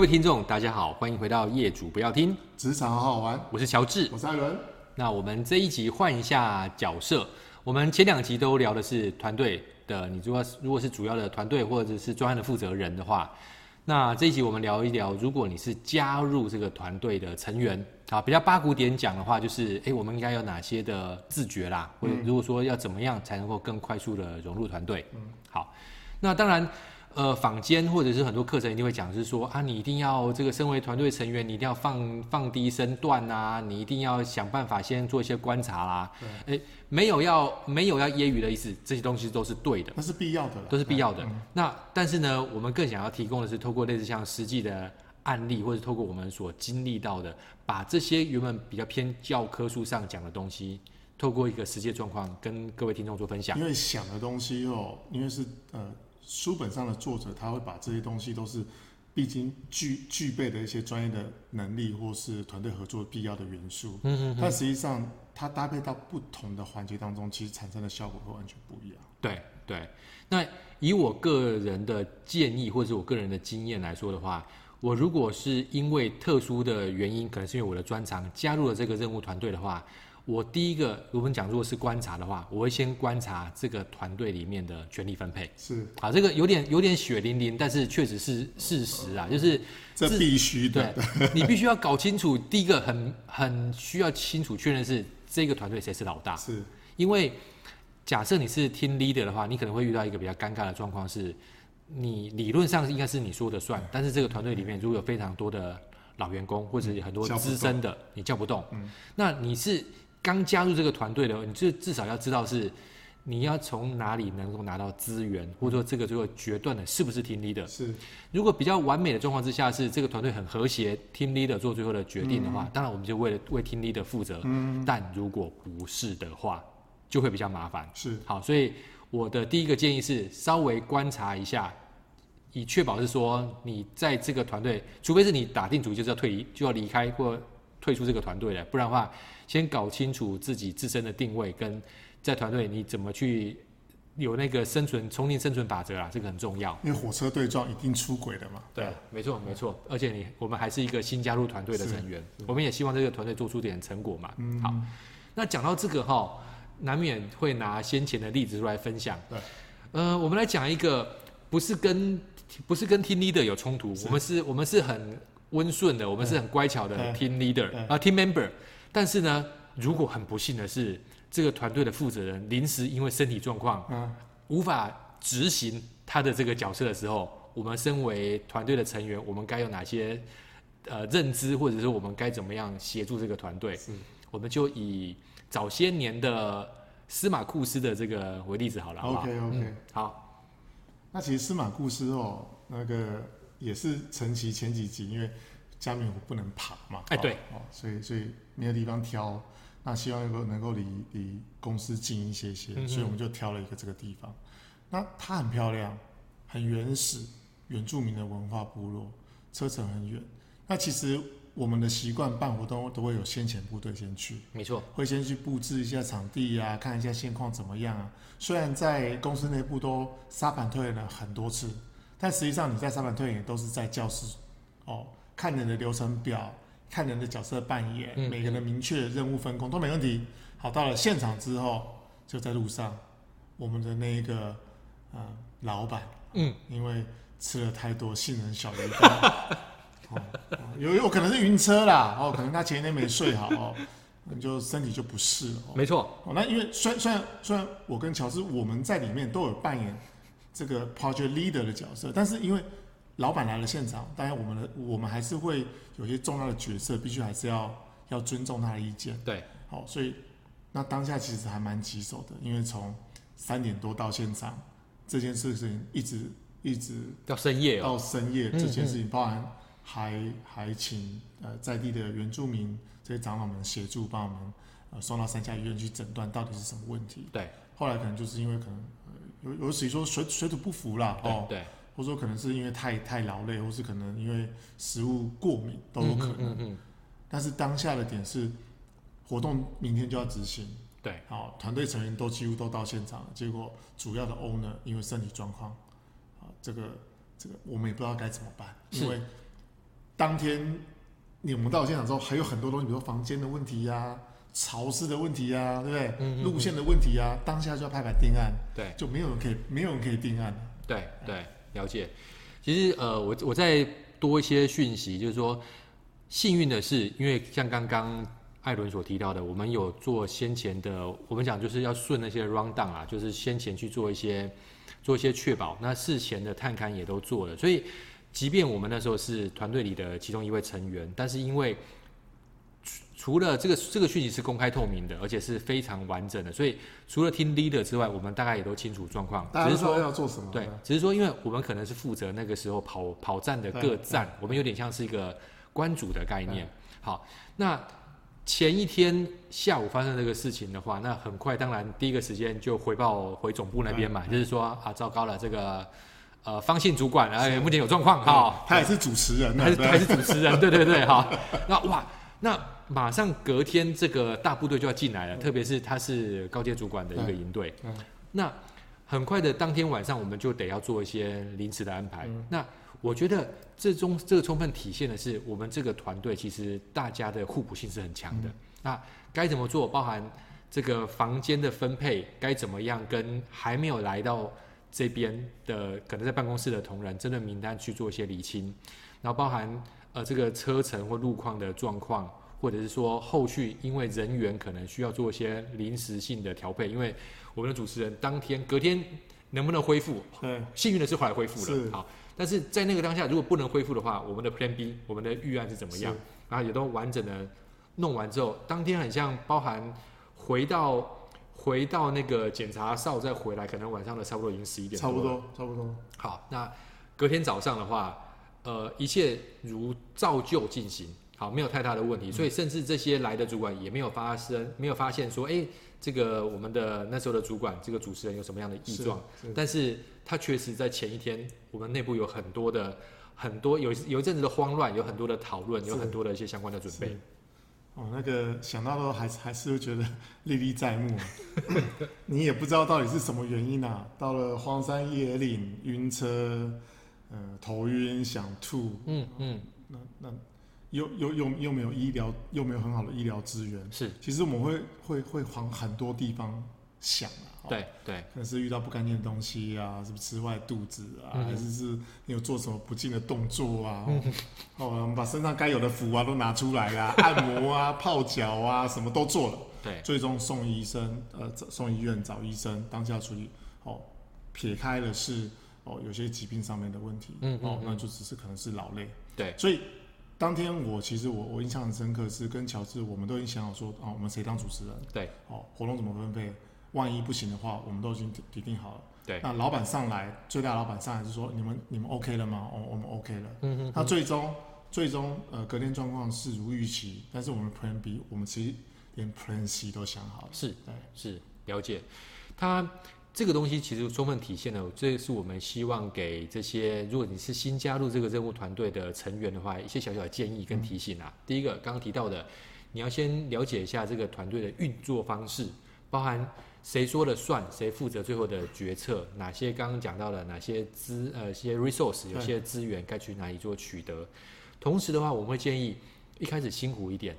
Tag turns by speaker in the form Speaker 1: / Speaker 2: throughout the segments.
Speaker 1: 各位聽眾，大家好，歡迎回到《業主不要聽》，職場好好玩。我是喬治，我是艾倫。那我們這一集換一下角色，我們前兩集都聊的是團隊的，你如果是如果是主要的團隊或者是專案的負責人的話，那這一集我們聊一聊，如果你是加入這個團隊的成員，啊，比較八股點講的話，就是，哎，我們應該有哪些的自覺啦？或者如果說要怎麼樣才能夠更快速的融入團隊？嗯，好，那當然。呃，坊間或者是很多課程一定會講，是說啊，你一定要這個身為團隊成員，你一定要放放低身段啊，你一定要想辦法先做一些觀察啦。對。沒有要沒有要揶揄的意思，這些東西都是對的。那是必要的，都是必要的。嗯、那但是呢，我們更想要提供的是，透過類似像實際的案例，或者是透過我們所經歷到的，把這些原本比較偏教科書上講的東西，透過一個實際狀況，跟各位聽眾做分享。因為想的東西哦，因為是
Speaker 2: 呃。嗯書本上的作者他會把這些東西都是，畢竟具具備的一些專業的能力或是團隊合作必要的元素。嗯嗯。但實際上，它搭配到不同的環節當中，其實產生的效果會完全不一樣。
Speaker 1: 對對。那以我個人的建議或者我個人的經驗來說的話，我如果是因為特殊的原因，可能是因為我的專長加入了這個任務團隊的話。我第一個，我們講，如果是觀察的話，我會先觀察這個團隊裡面的權力分配。是啊，這個有點有點血淋淋，但是確實是事實啊，呃呃、就是這必須的，對 你必須要搞清楚。第一個很很需要清楚確認是這個團隊誰是老大。是，因為假設你是 team leader 的話，你可能會遇到一個比較尷尬的狀況是，你理論上應該是你說的算，嗯、但是這個團隊裡面如果有非常多的老員工或者很多資深的，嗯、叫你叫不動，嗯、那你是。剛加入這個團隊的，你至少要知道是你要從哪裡能夠拿到資源，或者說這個最後決斷的是不是 Team Leader？是。如果比較完美的狀況之下是這個團隊很和諧，Team Leader 做最後的決定的話，嗯、當然我們就為了為 Team Leader 負責。嗯。但如果不是的話，就會比較麻煩。是。好，所以我的第一個建議是稍微觀察一下，以確保是說你在這個團隊，除非是你打定主意就是要退役就要離開或。退出這個團隊了，不然的話，先搞清楚自己自身的定位，跟在團隊你怎麼去有那個生存叢林生存法則啊？這個很重要。因為火
Speaker 2: 車對撞一定出軌的嘛。
Speaker 1: 對，對沒錯沒錯，而且你我們還是一個新加入團隊的成員，我們也希望這個團隊做出點成果嘛。嗯是，好，那講到這個哈、哦，難免會拿先前的例子出來分享。對，呃，我們來講一個不是跟不是跟 team leader 有衝突，是我們是我們是很。溫順的，我們是很乖巧的 team leader 啊、欸、欸、呃，team member，但是呢，如果很不幸的是，這個團隊的負責人臨時因為身體狀況，無法執行他的這個角色的時候，我們身為團隊的成員，我們該有哪些、呃、認知，或者說我們該怎麼樣協助這個團隊？是我們就以早些年的司馬庫斯的這個為例子好了。OK，OK，好。
Speaker 2: 那其實司馬庫斯哦，那個。也是陳琦前幾集，因為嘉明湖我不能爬嘛，哎、欸、對，哦，所以所以沒有地方挑，那希望夠能夠離離公司近一些些，嗯、哼所以我們就挑了一個這個地方。那它很漂亮，很原始，原住民的文化部落，車程很遠。那其實我們的習慣辦活動都，都會有先遣部隊先去，沒錯錯，會先去布置一下場地呀，啊，看一下現況怎麼樣啊。雖然在公司內部都沙盤推了很多次。但實際上，你在沙盤推演都是在教室，哦，看人的流程表，看人的角色扮演，嗯、每個人明確的任務分工，嗯嗯，都沒問題。好，到了現場之後，就在路上，我們的那一個，呃、老闆，嗯，因為吃了太多杏仁小魚乾、 哦哦，有有，有可能是暈車啦，哦，可能他前一天沒睡好， 哦，就身體就不適了。沒錯錯、哦，那因為雖然雖然雖然我跟喬治我們在裡面都有扮演。這個 project leader 的角色，但是因為老闆來了現場，當然我們的我們還是會有一些重要的角色，必須還是要要尊重他的意見。對，好、哦，所以那當下其實還蠻棘手的，因為從三點多到現場這件，到、哦、到這件事情，一直一直到深夜，到深夜這件事情，包含還還請呃在地的原住民這些長老們協助幫我們、呃、送到三家醫院去診斷到底是什麼問題。對，後來可能就是因為可能。有有，比如說水水土不服啦，哦，對，對或者說可能是因為太太勞累，或是可能因為食物過敏都有可能。嗯哼嗯哼。但是當下的點是，活動明天就要執行。對。好、哦，團隊成員都幾乎都到現場了，結果主要的 owner 因為身體狀況、哦，這個這個我們也不知道該怎麼辦，因為當天是你們到現場之後還有很多東西，比如房間的問題呀、啊。潮濕的問題啊，對不對？路線的問題啊，嗯嗯嗯，當下就要拍板定案。對，就沒有人可以，沒有人可以定案。
Speaker 1: 對對，了解。其實呃，我我再多一些訊息，就是說，幸運的是，因為像剛剛艾倫所提到的，我們有做先前的，我們講就是要順那些 run down 啊，就是先前去做一些做一些確保。那事前的探勘也都做了，所以即便我們那時候是團隊裡的其中一位成員，但是因為除了這個這個訊息是公開透明的，而且是非常完整的，所以除了聽 leader 之外，我們大概也都清楚狀況。只是說
Speaker 2: 要做什麼？對，
Speaker 1: 只是說因為我們可能是負責那個時候跑跑站的各站，我們有點像是一個關主的概念。好，那前一天下午發生這個事情的話，那很快，當然第一個時間就回報回總部那邊嘛，就是說啊，糟糕了，這個呃方信主管，哎，目前有狀況哈，他也
Speaker 2: 是主持人，還是還是主持人，對對對哈。
Speaker 1: 那哇，那。馬上隔天，這個大部隊就要進來了，嗯、特別是他是高階主管的一個營隊。嗯嗯、那很快的，當天晚上我們就得要做一些臨時的安排。嗯、那我覺得這中這個充分體現的是，我們這個團隊其實大家的互補性是很強的。嗯、那該怎麼做？包含這個房間的分配，該怎麼樣跟還沒有來到這邊的可能在辦公室的同仁，針對名單去做一些理清。然後包含呃這個車程或路況的狀況。或者是說後續，因為人員可能需要做一些臨時性的調配，因為我們的主持人當天隔天能不能恢復？嗯，幸運的是後來恢復了。是好，但是在那個當下，如果不能恢復的話，我們的 Plan B，我們的預案是怎麼樣？是然後也都完整的弄完之後，當天很像包含回到回到那個檢查哨再回來，可能晚上的差不多已經十一點了。差不多，差不多。好，那隔天早上的話，呃，一切如照舊進行。好，沒有太大的問題，所以甚至這些來的主管也沒有發生，沒有發現說，哎、欸，這個我們的那時候的主管，這個主持人有什麼樣的異狀？是是，但是他確實在前一天，我們內部有很多的很多有有一陣子的慌亂，有很多的討論，有很多的一些相關的準備。
Speaker 2: 哦，那個想到了還還是會覺得歷歷在目。 你也不知道到底是什麼原因啊？到了荒山野嶺，暈車，呃、頭暈想吐，嗯嗯，那、嗯、那。那又又又又沒有醫療，又沒有很好的醫療資源。是，其實我們會會會往很多地方想啊。對對，可能是遇到不乾淨的東西啊，是不是吃壞肚子啊？嗯、哼還是是你有做什麼不敬的動作啊、嗯哼哦？我們把身上該有的符啊都拿出來啊， 按摩啊、泡腳啊，什麼都做了。對，最終送醫生，呃，送醫院找醫生，當下處理。哦，撇開的是哦，有些疾病上面的問題。嗯哼，哦，那就只是可能是勞累。對，所以。當天我其實我我印象很深刻是跟喬治我我、哦，我們都已經想好說啊，我們誰當主持人？對，哦，活動怎麼分配？萬一不行的話，我們都已經決定好了。對，那老板上來，最大老板上來就說，你們你們 OK 了嗎？我、哦、我們 OK 了。嗯嗯。那最終最終呃，隔天狀況是如預期，但是我們 Plan B，我們其實連 Plan C 都想好了。是，對，
Speaker 1: 是了解，他。這個東西其實充分體現了，這是我們希望給這些，如果你是新加入這個任務團隊的成員的話，一些小小的建議跟提醒啊。嗯、第一個，剛剛提到的，你要先了解一下這個團隊的運作方式，包含誰說了算，誰負責最後的決策，哪些剛剛講到的，哪些資呃，些 resource 有些資源該去哪裡做取得。對同時的話，我們會建議一開始辛苦一點。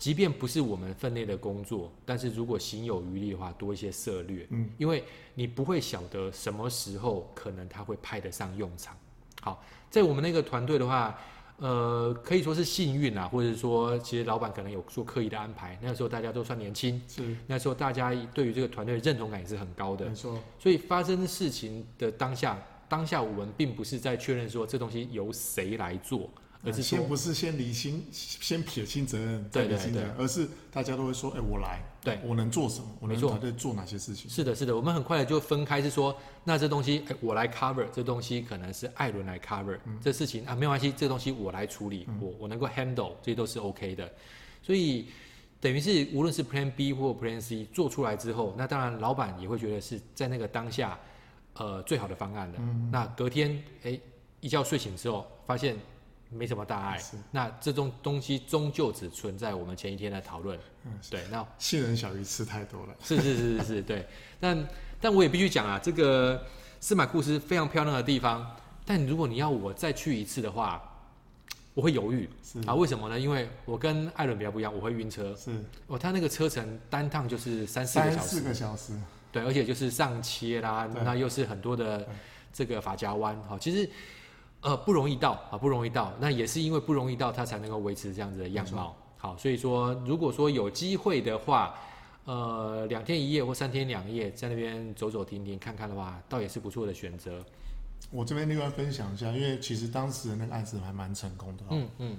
Speaker 1: 即便不是我們分內的工作，但是如果行有餘力的話，多一些策略，嗯，因為你不會曉得什麼時候可能它會派得上用場。好，在我們那個團隊的話，呃，可以說是幸運啊，或者說其實老板可能有做刻意的安排。那時候大家都算年輕，是那時候大家對於這個團隊的認同感也是很高的，沒錯。所以發生事情的當下，當下我們並不是在確認說這東西由誰來做。而是先不
Speaker 2: 是先理清、先撇清責任、責任對對對，
Speaker 1: 而是大家都會說：“哎、欸，我來，對我能做什麼？我能做，對，做哪些事情？”是的，是的，我們很快的就分開，是說那這東西，哎、欸，我來 cover 這東西，可能是艾倫來 cover、嗯、這事情啊，沒有關係，這東西我來處理，嗯、我我能夠 handle，這些都是 OK 的。所以等於是，無論是 Plan B 或 Plan C 做出來之後，那當然老闆也會覺得是在那個當下，呃，最好的方案了。嗯、那隔天，哎、欸，一覺睡醒之後，發現。沒什麼大礙，是那這種東西終究只存在我們前一天的討論。嗯，對。那杏仁小魚吃太多了。是是是是是， 對。但但我也必須講啊，這個司馬庫斯非常漂亮的地方，但如果你要我再去一次的話，我會猶豫。是啊，為什麼呢？因為我跟艾倫比較不一樣，我會暈車。是哦，他那個車程單趟就是三四個小時。三四個小時。對，而且就是上切啦，對那又是很多的這個髮夾彎。哈、哦，其實。呃，不容易到啊，不容易到。那也是因為不容易到，他才能夠維持這樣子的樣貌。沒錯。好，所以說，如果說有機會的話，呃，兩天一夜或三天兩夜，在那邊走走停停看看的話，倒也是不錯的選擇。
Speaker 2: 我這邊另外分享一下，因為其實當時的那個案子還蠻成功的喔。嗯嗯。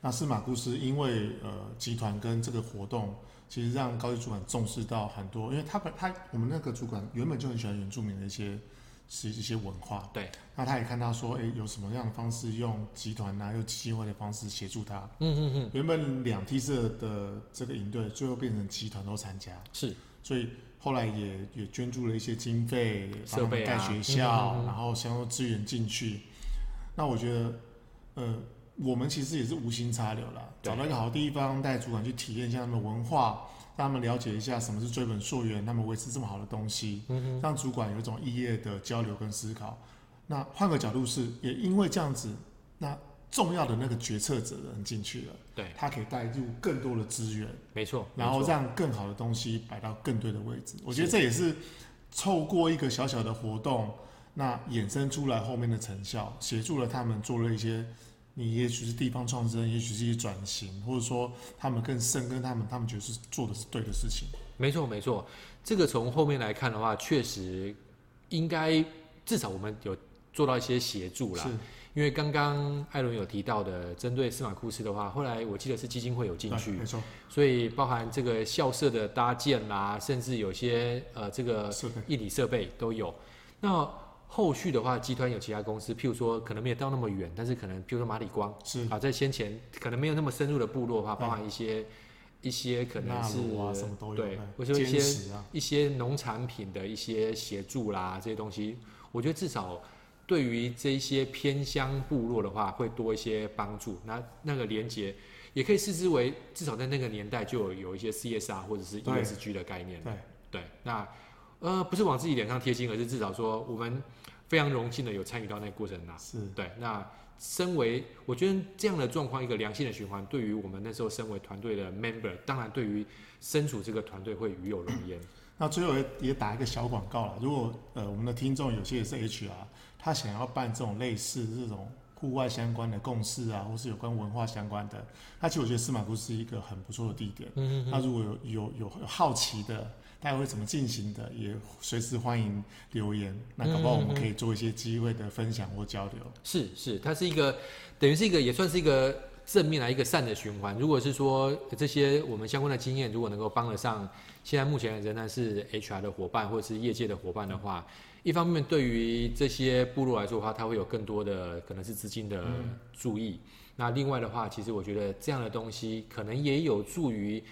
Speaker 2: 那司馬庫斯，因為呃，集團跟這個活動，其實讓高級主管重視到很多，因為他本他我們那個主管原本就很喜歡原住民的一些。是一些文化，對。那他也看到說，哎，有什麼樣的方式用集團啊，用基金會的方式協助他。嗯嗯嗯。嗯嗯，原本兩梯次的這個營隊，最後變成集團都參加。是。所以後來也也捐助了一些經費、設備啊，蓋學校，嗯嗯、然後想要資源進去。那我覺得，呃，我們其實也是無心插柳了，對找到一個好的地方，帶主管去體驗一下他們的文化。讓他們了解一下什麼是追本溯源，他們維持這麼好的東西，嗯、哼讓主管有一種異業的交流跟思考。那換個角度是，也因為這樣子，那重要的那個決策者人進去了，對，他可以帶入更多的資源，沒錯錯，然後讓更好的東西擺到更對的位置。錯我覺得這也是透過一個小小的活動，那衍生出來後面的成效，協助了他們做了一些。你也許是地方創生，也許是轉型，或者說他們更深耕他們，他們覺得是做的是對的事情。沒
Speaker 1: 錯，沒錯。這個從後面來看的話，確實應該至少我們有做到一些協助啦。是因為剛剛艾倫有提到的，針對司馬庫斯的話，後來我記得是基金會有進去，沒錯。所以包含這個校舍的搭建啦、啊，甚至有些呃這個設備、硬體設備都有。的那後續的話，集團有其他公司，譬如說可能沒有到那麼遠，但是可能譬如說馬里光是啊，在先前可能沒有那麼深入的部落的話，包含一些對一些可能是，啊、什麼對，啊、或者說，一些一些農產品的一些協助啦，這些東西，我覺得至少對於這一些偏鄉部落的話，會多一些幫助。那那個連結，也可以視之為，至少在那個年代就有有一些 CSR 或者是 ESG 的概念對。對對，那。呃，不是往自己臉上貼金，而是至少說我們非常榮幸的有參與到那個過程吶、啊。是對，那身為我覺得這樣的狀況一個良性的循環，對於我們那時候身為團隊的 member，當然對於身處這個團隊會與有榮焉 。
Speaker 2: 那最後也，也打一個小廣告啦，如果呃我們的聽眾有些也是 HR，他想要辦這種類似這種戶外相關的共事啊，或是有關文化相關的，那其實我覺得司馬庫是一個很不錯的地點。嗯，嗯嗯。他如果有有有好奇的。它會怎麼進行的？也隨時歡迎留言。那搞不好我們可以做一些
Speaker 1: 機會的分享或交流。嗯嗯嗯是是，它是一個，等於是一個，也算是一個正面來一個善的循環。如果是說這些我們相關的經驗，如果能夠幫得上，現在目前仍然是 HR 的伙伴或者是業界的伙伴的話，對一方面對於這些部落來說的話，它會有更多的可能是資金的注意。嗯、那另外的話，其實我覺得這樣的東西可能也有助於。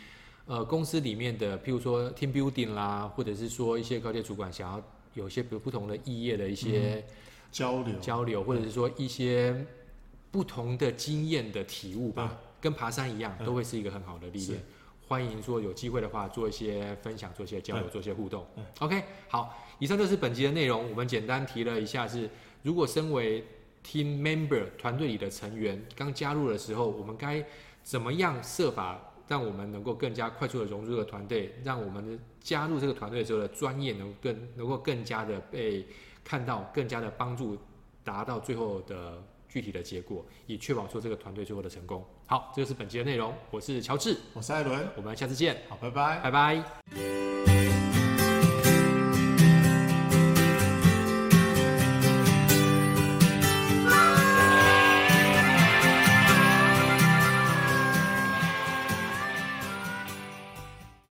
Speaker 1: 呃，公司裡面的，譬如說 team building 啦，或者是說一些高級主管想要有一些不不同的異業的一些交流、嗯、交流，或者是說一些不同的經驗的體悟吧，嗯、跟爬山一樣，嗯、都會是一個很好的歷練。嗯、歡迎說有機會的話，做一些分享，做一些交流，嗯、做一些互動。嗯嗯、OK，好，以上就是本集的內容。我們簡單提了一下是，是如果身為 team member 團隊裡的成員，剛加入的時候，我們該怎麼樣設法？讓我們能夠更加快速的融入這個團隊，讓我們加入這個團隊之後的專業能更能夠更加的被看到，更加的幫助達到最後的具體的結果，以確保說這個團隊最後的成功。好，這就是本期的內容。我是喬治，我是艾倫，我們下次見。好，拜拜，拜拜。